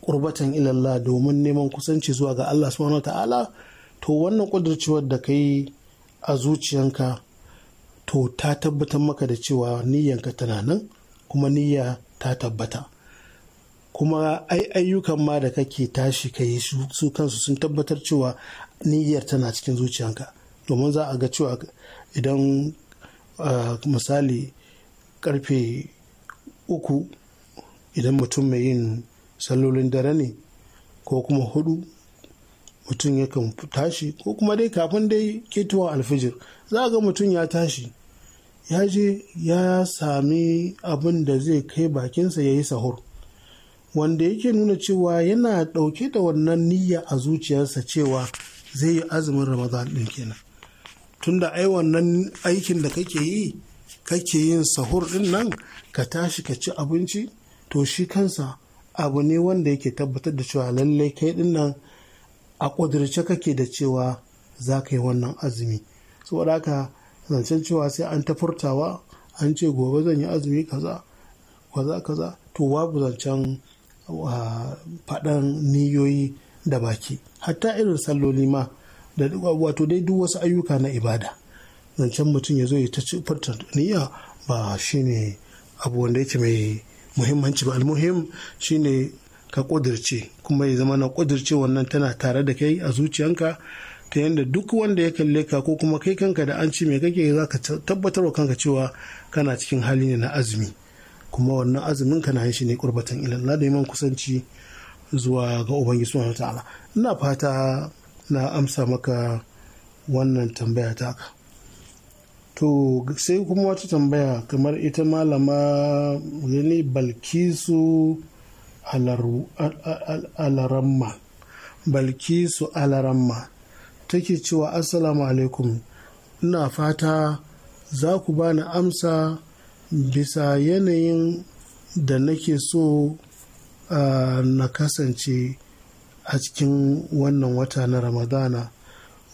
ƙurbatan ilallah domin neman kusanci zuwa ga allah subhanahu ta'ala to wannan ƙudurcewar da ka yi a zuciyanka to ta tabbatar maka da cewa niyyanka tana nan kuma niyya ta tabbata kuma ai ayyukan ma da kake tashi ka yi su kansu sun tabbatar cewa niyyar tana cikin zuciyanka domin za a ga cewa idan misali karfe uku idan mutum mai yin sallolin dare ne ko kuma hudu mutum yakan tashi ko kuma dai kafin dai ketowar alfijir za ga mutum ya tashi ya je ya sami abin da zai kai bakinsa ya yi sahur wanda yake nuna cewa yana ɗauke da wannan niyya a zuciyarsa cewa zai yi azumin ramadan ɗin kenan tunda ai wannan aikin da kake yi kake yin sahur ɗin nan ka tashi ka ci abinci to shi kansa abu ne wanda yake tabbatar da cewa lallai kai ɗin nan a kudurce kake da cewa za ka yi wannan azumi saboda haka zancen cewa sai an ta furtawa an ce gobe zan yi azumi kaza kaza kaza to babu zancen ah, faɗan niyoyi da baki hatta irin salloli ma da wato dai duk wasu ayyuka na ibada zancen mutum ya zo ya ta furta niyya ba shine abu wanda yake mai muhimmanci ba almuhim shine ka kudirce kuma ya zama na kudirce wannan tana tare da kai a zuciyanka ta yadda duk wanda ya kalle ka ko kuma kai kanka da an ci mai kake za ka tabbatar wa kanka cewa kana cikin hali ne na azumi kuma wannan azumin kana yin shi ne kurbatan ilallah da iman kusanci zuwa ga ubangiji subhanahu ta'ala ina fata na amsa maka wannan tambaya taka to sai kuma wata tambaya kamar ita malama yani balkisu alaramma balkisu alaramma take cewa assalamu alaikum ina fata za ku bani amsa bisa yanayin da nake so na kasance a cikin wannan wata na ramadana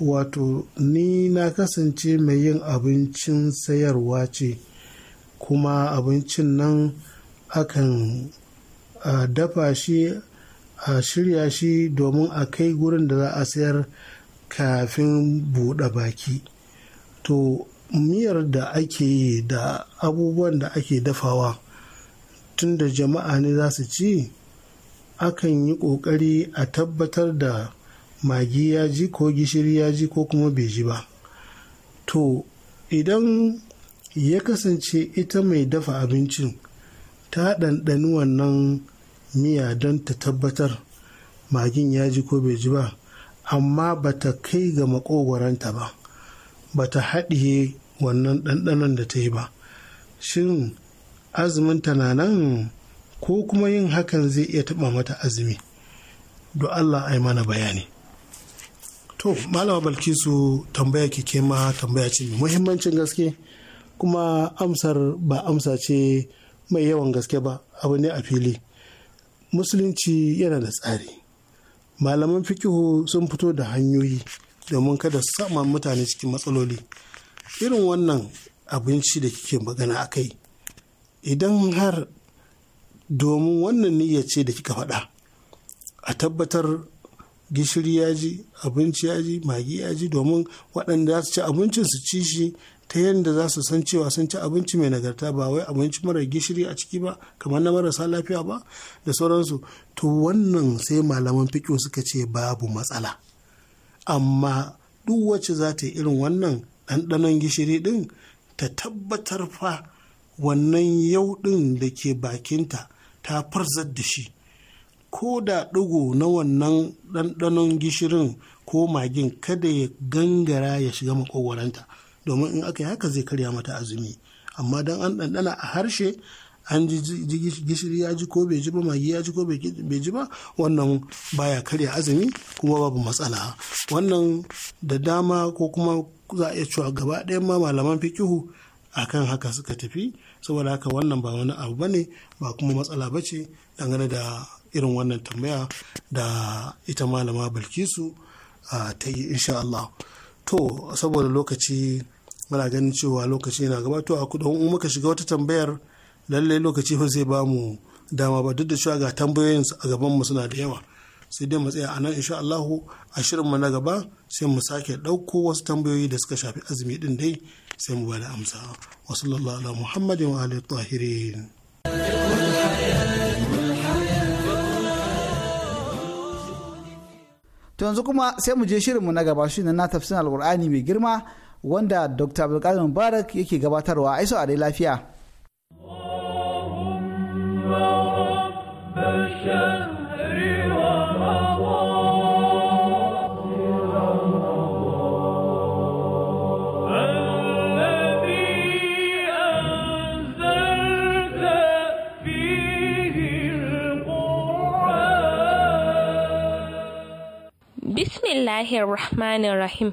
wato ni na kasance mai yin abincin sayarwa ce kuma abincin nan akan dafa shi a shirya shi domin a kai gurin da za a sayar kafin buɗe baki to miyar da ake da abubuwan da ake dafawa tun da jama'a ne za su ci akan yi ƙoƙari a tabbatar da magi ya ji ko gishiri ya ji ko kuma bai ji ba to idan ya kasance ita mai dafa abincin ta ɗanɗani wannan miya don ta tabbatar magin ya ji ko bai ji ba amma ba ta kai ga makogwaranta ba ba ta haɗiye wannan ɗanɗanon da ta yi ba shin azumin ta na nan ko kuma yin hakan zai iya taɓa mata azumi do Allah ai mana bayani to malama balkisu tambaya kike ma tambaya ce muhimmancin gaske kuma amsar ba amsa ce mai yawan gaske ba abu ne a fili musulunci yana da tsari malaman fikihu sun fito da hanyoyi domin kada su sama mutane cikin matsaloli irin wannan abinci da kike magana a kai idan har domin wannan niyyar ce da kika faɗa a tabbatar gishiri ya ji abinci ya ji magi ya ji domin waɗanda za su ci abincin su ci shi ta yadda za su san cewa sun ci abinci mai nagarta ba wai abinci mara gishiri a ciki ba kamar na marasa lafiya ba da sauransu to wannan sai malaman fiƙo suka ce babu matsala amma duk wacce za ta yi irin wannan ɗanɗanon gishiri ɗin ta tabbatar fa wannan yau ɗin da ke bakinta ta farzar da shi ko da ɗigo na wannan ɗanɗanon gishirin ko magin kada ya gangara ya shiga makogwaranta domin in aka yi haka zai karya mata azumi amma dan an ɗanɗana a harshe an ji gishiri ya ji ko bai ji ba magi ya ji ko bai ji ba wannan baya karya azumi kuma babu matsala wannan da dama ko kuma za a iya cewa gaba ɗayan ma malaman fikihu akan haka suka tafi saboda haka wannan ba wani abu bane ba kuma matsala ba ce dangane da irin wannan tambaya da ita malama bilkisu ah, ta yi insha to saboda lokaci muna ganin cewa lokaci yana gabato a kudu in muka shiga wata tambayar lallai lokaci ba zai ba mu dama ba duk da cewa ga tambayoyin a gaban mu suna da yawa sai dai mu tsaya a nan insha Allahu a shirinmu na gaba sai mu sake ɗauko wasu tambayoyi da suka shafi azumi din dai sai mu bada amsa wa sallallahu ala muhammadin wa alihi tahirin to yanzu kuma sai mu je shirinmu na gaba shi na tafsirin alqur'ani mai girma wanda dr abdulkadir mubarak yake gabatarwa aiso a dai lafiya Bismillahirrahmanirrahim.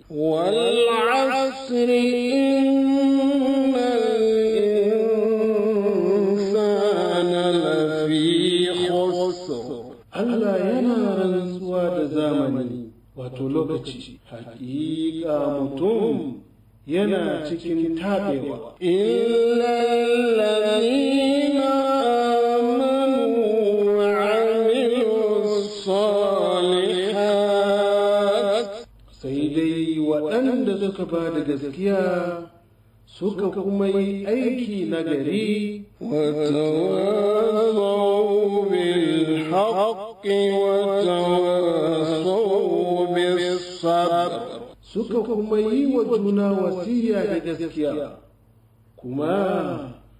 والعصر إن الإنسان لفي خسر Allah yana rantsuwa da zamani wato lokaci haƙiƙa mutum yana cikin taɓewa. Illa suka ba da gaskiya suka kuma yi aiki na gari suka kuma yi wa juna wasiya da gaskiya kuma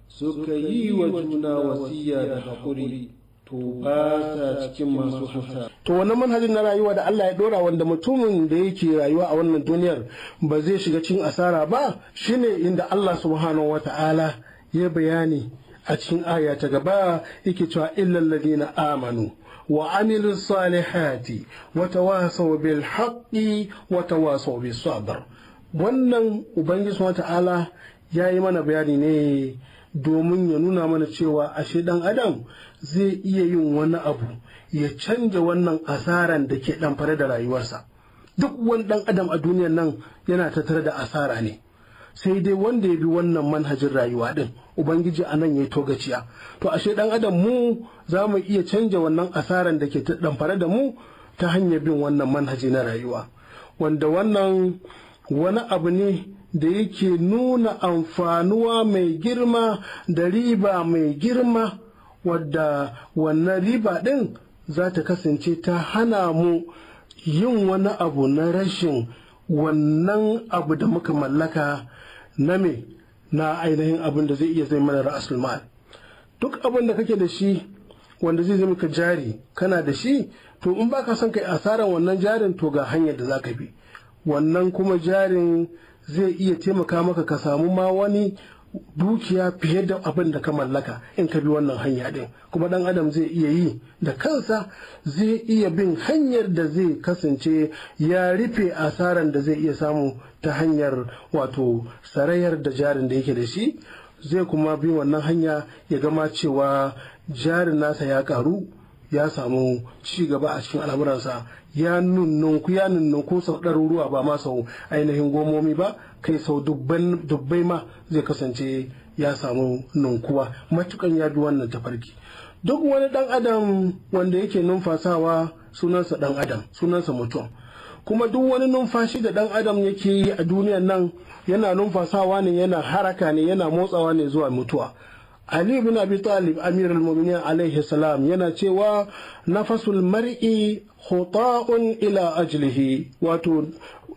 suka yi wa juna wasiya da haƙuri to ba sa cikin masu hasara. To wani manhajin na rayuwa da Allah ya dora wanda mutumin da yake rayuwa a wannan duniyar ba zai shiga cikin asara ba shine inda Allah subhanahu wa ta'ala ya bayani a cikin aya ta gaba yake cewa illal ladina amanu wa amilu salihati wa tawasaw bil haqqi wa tawasaw bis sabr wannan ubangiji subhanahu wa ta'ala ya yi mana bayani ne domin ya nuna mana cewa ashe dan adam zai iya yin wani abu ya canja wannan asaran da ke ɗanfare da rayuwarsa duk wani dan adam a duniyar nan yana tattare da asara ne sai dai wanda ya bi wannan manhajin rayuwa din ubangiji a nan ya yi togaciya to ashe ɗan adam mu za mu iya canja wannan asaran da ke ɗanfare da mu ta hanyar bin wannan manhaji na rayuwa wanda wannan wani abu ne da yake nuna amfanuwa mai girma da riba mai girma wadda wannan riba ɗin za ta kasance ta hana mu yin wani abu na rashin wannan abu da muka mallaka na me na ainihin abin da zai iya zai mana ra'asul mal duk abin da kake da shi wanda zai zama ka jari kana da shi to in ba ka son kai asaran wannan jarin to ga hanyar da za ka bi wannan kuma jarin zai iya taimaka maka ka samu ma wani dukiya fiye da abin da ka mallaka in ka bi wannan hanya ɗin kuma ɗan adam zai iya yi da kansa zai iya bin hanyar da zai kasance ya rufe asaran da zai iya samu ta hanyar wato sarayar da jarin da yake da shi zai kuma bi wannan hanya ya gama cewa jarin nasa ya ƙaru. ya samu ci gaba a cikin al'amuransa ya nunnunku ya nunnunku sau ɗaruruwa ba ma sau ainihin gomomi ba kai sau dubbai ma zai kasance ya samu nunkuwa matukan ya bi wannan tafarki duk wani ɗan adam wanda yake numfasawa sunansa ɗan adam sunansa mutum kuma duk wani numfashi da ɗan adam yake yi a duniyan nan yana numfasawa ne yana haraka ne yana motsawa ne zuwa mutuwa Ali bin Abi Talib Amir al-Mu'minin alaihi salam yana cewa nafasul mar'i khuta'un ila ajlihi wato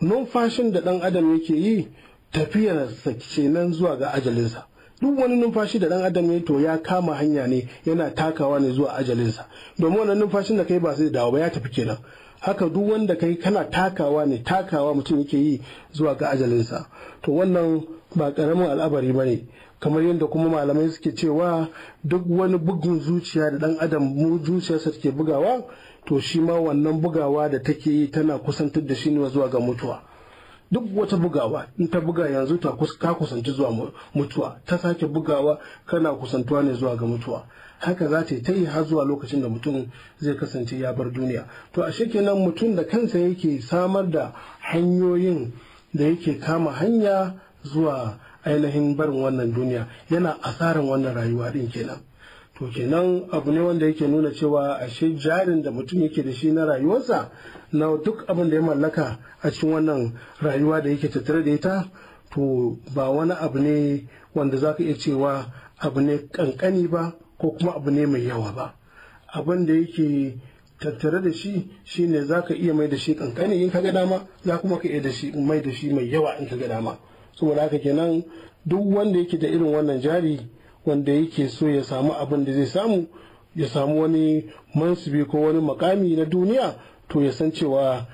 numfashin da dan adam yake yi tafiyar kenan zuwa ga ajalinsa duk wani numfashi da dan adam yake to ya kama hanya ne yana takawa ne zuwa ajalinsa domin wannan numfashin da kai ba zai dawo ba ya tafi kenan haka duk wanda kai kana takawa ne takawa mutum yake yi zuwa ga ajalinsa to wannan ba karamin al'abari bane kamar yadda kuma malamai suke cewa duk wani bugun zuciya da dan adam mu zuciyarsa take bugawa to shi ma wannan bugawa da take yi tana kusantar da shi ne zuwa ga mutuwa duk wata bugawa in ta buga yanzu ta ka kusanci zuwa mutuwa ta sake bugawa kana kusantuwa ne zuwa ga mutuwa haka za ta yi ta yi har zuwa lokacin da mutum zai kasance ya bar duniya to a kenan mutum da kansa yake samar da hanyoyin da yake kama hanya zuwa ainihin barin wannan duniya yana asaran wannan rayuwa din kenan to kenan abu ne wanda yake nuna cewa ashe jarin da mutum yake da shi na rayuwarsa na duk abin da ya mallaka a cikin wannan rayuwa da yake tattare da ita to ba wani abu ne wanda za ka iya cewa abu ne kankani ba ko kuma abu ne mai yawa ba abin da yake tattare da shi shine za ka iya mai da shi kankani in ka ga dama za kuma ka iya mai da shi mai yawa in ka ga dama saboda haka kenan duk wanda yake da irin wannan jari wanda yake so ya samu abin da zai samu ya samu wani mansubi ko wani makami na duniya to ya san cewa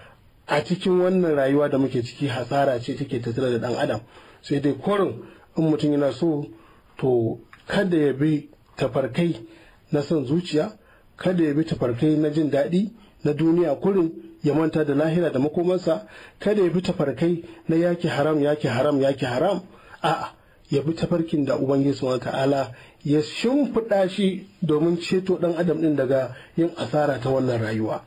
a cikin wannan rayuwa da muke ciki hasara ce take tattare da dan adam sai dai korin in mutum yana so to kada ya bi tafarkai na son zuciya kada ya bi tafarkai na jin daɗi na duniya kurin ya manta da lahira da makomansa kada ya bi tafarkai na yaki haram yaki haram yaki haram a'a ya bi tafarkin da ubangiji subhanahu ta'ala ya shimfiɗa shi domin ceto ɗan adam ɗin daga yin asara ta wannan rayuwa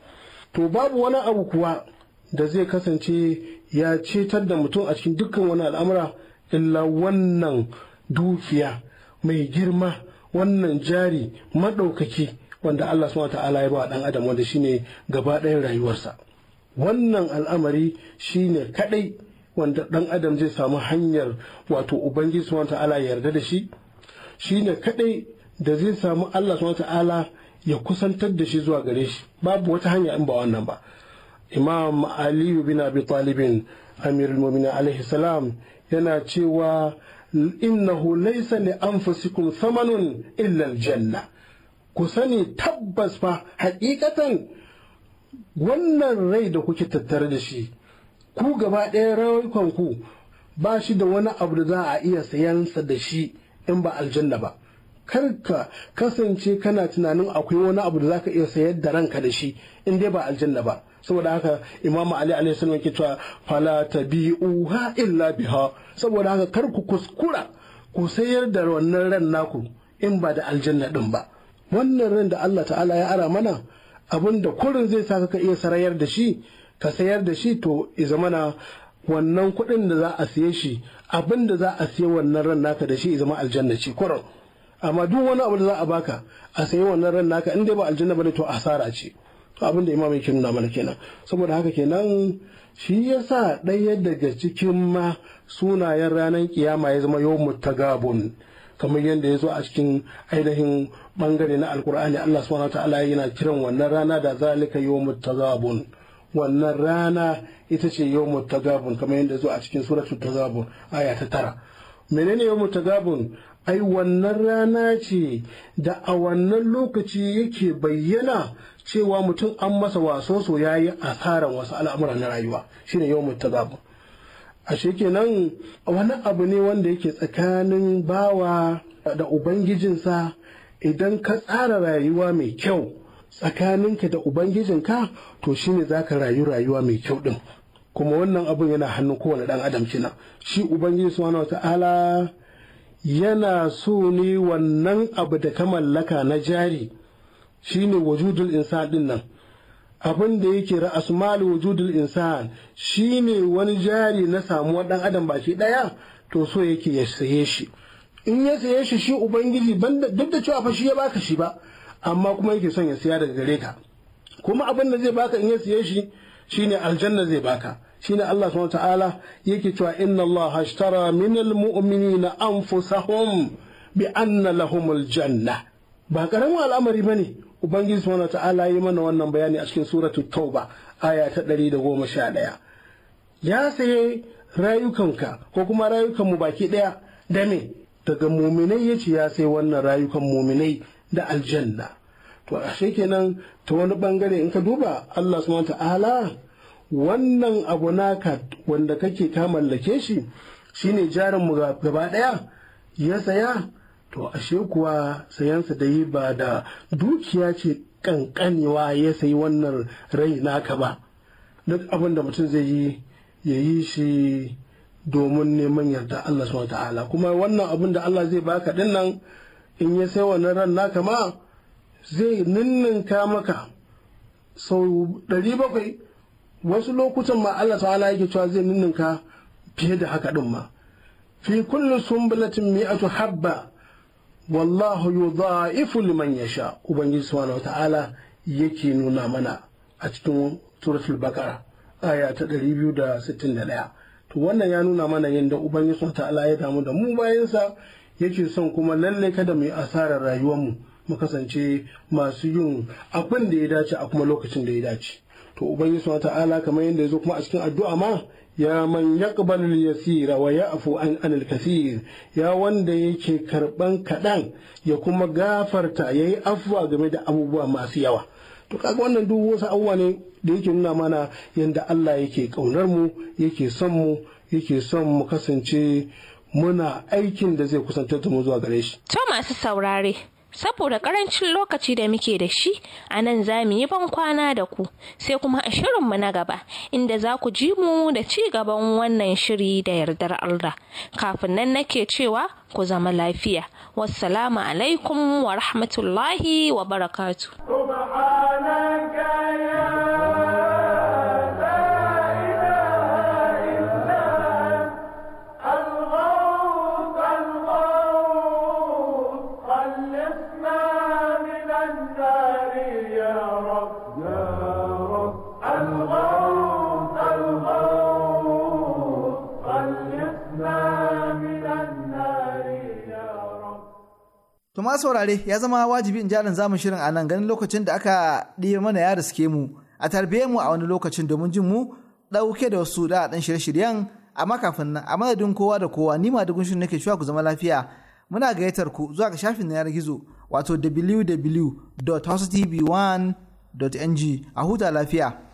to babu wani abu kuwa da zai kasance ya cetar da mutum a cikin dukkan wani al'amura illa wannan dukiya mai girma wannan jari maɗaukaki wanda Allah subhanahu ta'ala ya ba ɗan adam wanda shine gaba ɗayan rayuwarsa wannan al'amari shi ne kaɗai wanda ɗan adam zai samu hanyar wato ubangiji suwan ta'ala yarda da shi Shi ne kaɗai da zai samu Allah suwan ta'ala ya kusantar da shi zuwa gare shi babu wata hanya in ba wannan ba imam Aliyu bin abi talibin amirul mumina alaihi salam yana cewa innahu laysa li anfusikum thamanun illa aljanna ku sani tabbas fa hakikatan wannan rai da kuke tattare da shi ku gaba ɗaya rayukan ku ba shi da wani abu da za a iya sayansa da shi in ba aljanna ba kar ka kasance kana tunanin akwai wani abu da za ka iya sayar da ranka da shi in dai ba aljanna ba saboda haka imamu ali alaihi salam yake cewa fala ha illa biha saboda haka kar ku kuskura ku sayar da wannan ran naku in ba da aljanna din ba wannan ran da Allah ta'ala ya ara mana abin da kurin zai sa ka iya sarayar da shi ka sayar da shi to izamana wannan kuɗin da za a siye shi abin da za a siye wannan ran naka da shi izama aljanna ce kurin amma duk wani abu da za a baka a siye wannan ran naka in dai ba aljanna bane to asara ce to abin da imamai yake nuna mana kenan saboda haka kenan shi yasa ɗaya daga cikin ma sunayen ranar kiyama ya zama ta tagabun kamar yadda ya zo a cikin ainihin bangare na alkur'ani Allah subhanahu ta'ala yana kiran wannan rana da zalika yawmut tagabun wannan rana ita ce yawmut gabun kamar yadda zo a cikin ta tagabun aya ta tara menene yawmut tagabun ai wannan rana ce da a wannan lokaci yake bayyana cewa mutum an masa waso ya yi asaran wasu al'amura na rayuwa shine yawmut tagabun ashe kenan wani abu ne wanda yake tsakanin bawa da ubangijinsa idan ka tsara rayuwa mai kyau tsakaninka da ubangijinka to shine za ka rayu rayuwa mai kyau din kuma wannan abun yana hannun kowane ɗan adam kina shi ubangiji subhanahu wata'ala yana so ne wannan abu da ka mallaka na jari shine wujudul insan din nan abin da yake ra'asmal wujudul insan shine wani jari na samuwar ɗan adam baki ɗaya to so yake ya saye shi in ya saye shi shi ubangiji duk da cewa fa shi ya baka shi ba amma kuma yake son ya siya daga gare ka kuma abin da zai baka in ya saye shi shine aljanna zai baka shine Allah subhanahu ta'ala yake cewa inna Allah hashtara minal mu'minina anfusahum bi anna lahumul janna ba karamin al'amari bane ubangiji subhanahu ta'ala yi mana wannan bayani a cikin suratu tauba aya ta 111 ya saye rayukanka ko kuma rayukan mu baki daya da me daga muminai ya ce ya sai wannan rayukan muminai da aljanna to ashe kenan ta wani bangare in ka duba Allah subhanahu ta'ala wannan abu naka wanda kake ta mallake shi shine jarin mu gaba daya ya saya to ashe kuwa sayansa da yi ba da dukiya ce kankanewa ya sayi wannan rai naka ba duk abin da mutum zai yi ya yi shi domin neman yarda Allah subhanahu ta'ala kuma wannan abin da Allah zai baka din nan in ya sai wannan ran naka ma zai ninninka maka sau ɗari bakwai wasu lokutan ma Allah ta'ala yake cewa zai ninninka fiye da haka ɗin ma fi kullu sumbulatin mi'atu habba wallahu yudha'ifu liman sha ubangiji subhanahu ta'ala yake nuna mana a cikin suratul bakara aya ta da sittin ɗaya. to wannan ya nuna mana yadda ubangiji ta'ala ya damu da mu bayansa ya ce son kuma lalle kada mu yi asarar rayuwarmu mu kasance masu yin abin da ya dace a kuma lokacin da ya dace to ubangiji sun ta'ala kamar yadda ya zo kuma a cikin addu'a ma ya man yaqbalu yasira wa ya'fu an anil ya wanda yake karban kaɗan ya kuma gafarta yayi afwa game da abubuwa masu yawa to kaga wannan duk wasu abubuwa ne da yake nuna mana yadda Allah yake ƙaunar mu yake son mu yake son mu kasance muna aikin da zai kusantar da mu zuwa gare shi to masu saurare saboda karancin lokaci da muke da shi a nan za mu yi ban kwana da ku sai kuma a shirin mu na gaba inda za ku ji mu da ci gaban wannan shiri da yardar Allah kafin nan nake cewa ku zama lafiya wassalamu alaikum wa rahmatullahi wa barakatu. ma saurare ya zama wajibi in jarin zamu shirin a nan ganin lokacin da aka ɗiye mana ya riske mu a tarbiye mu a wani lokacin domin jin mu ɗauke da wasu da ɗan shirye-shiryen amma kafin nan a madadin kowa da kowa ni ma dugun shirin nake shuwa ku zama lafiya muna gayyatar ku zuwa ga shafin yanar gizo wato wwwhostv 1ng a huta lafiya.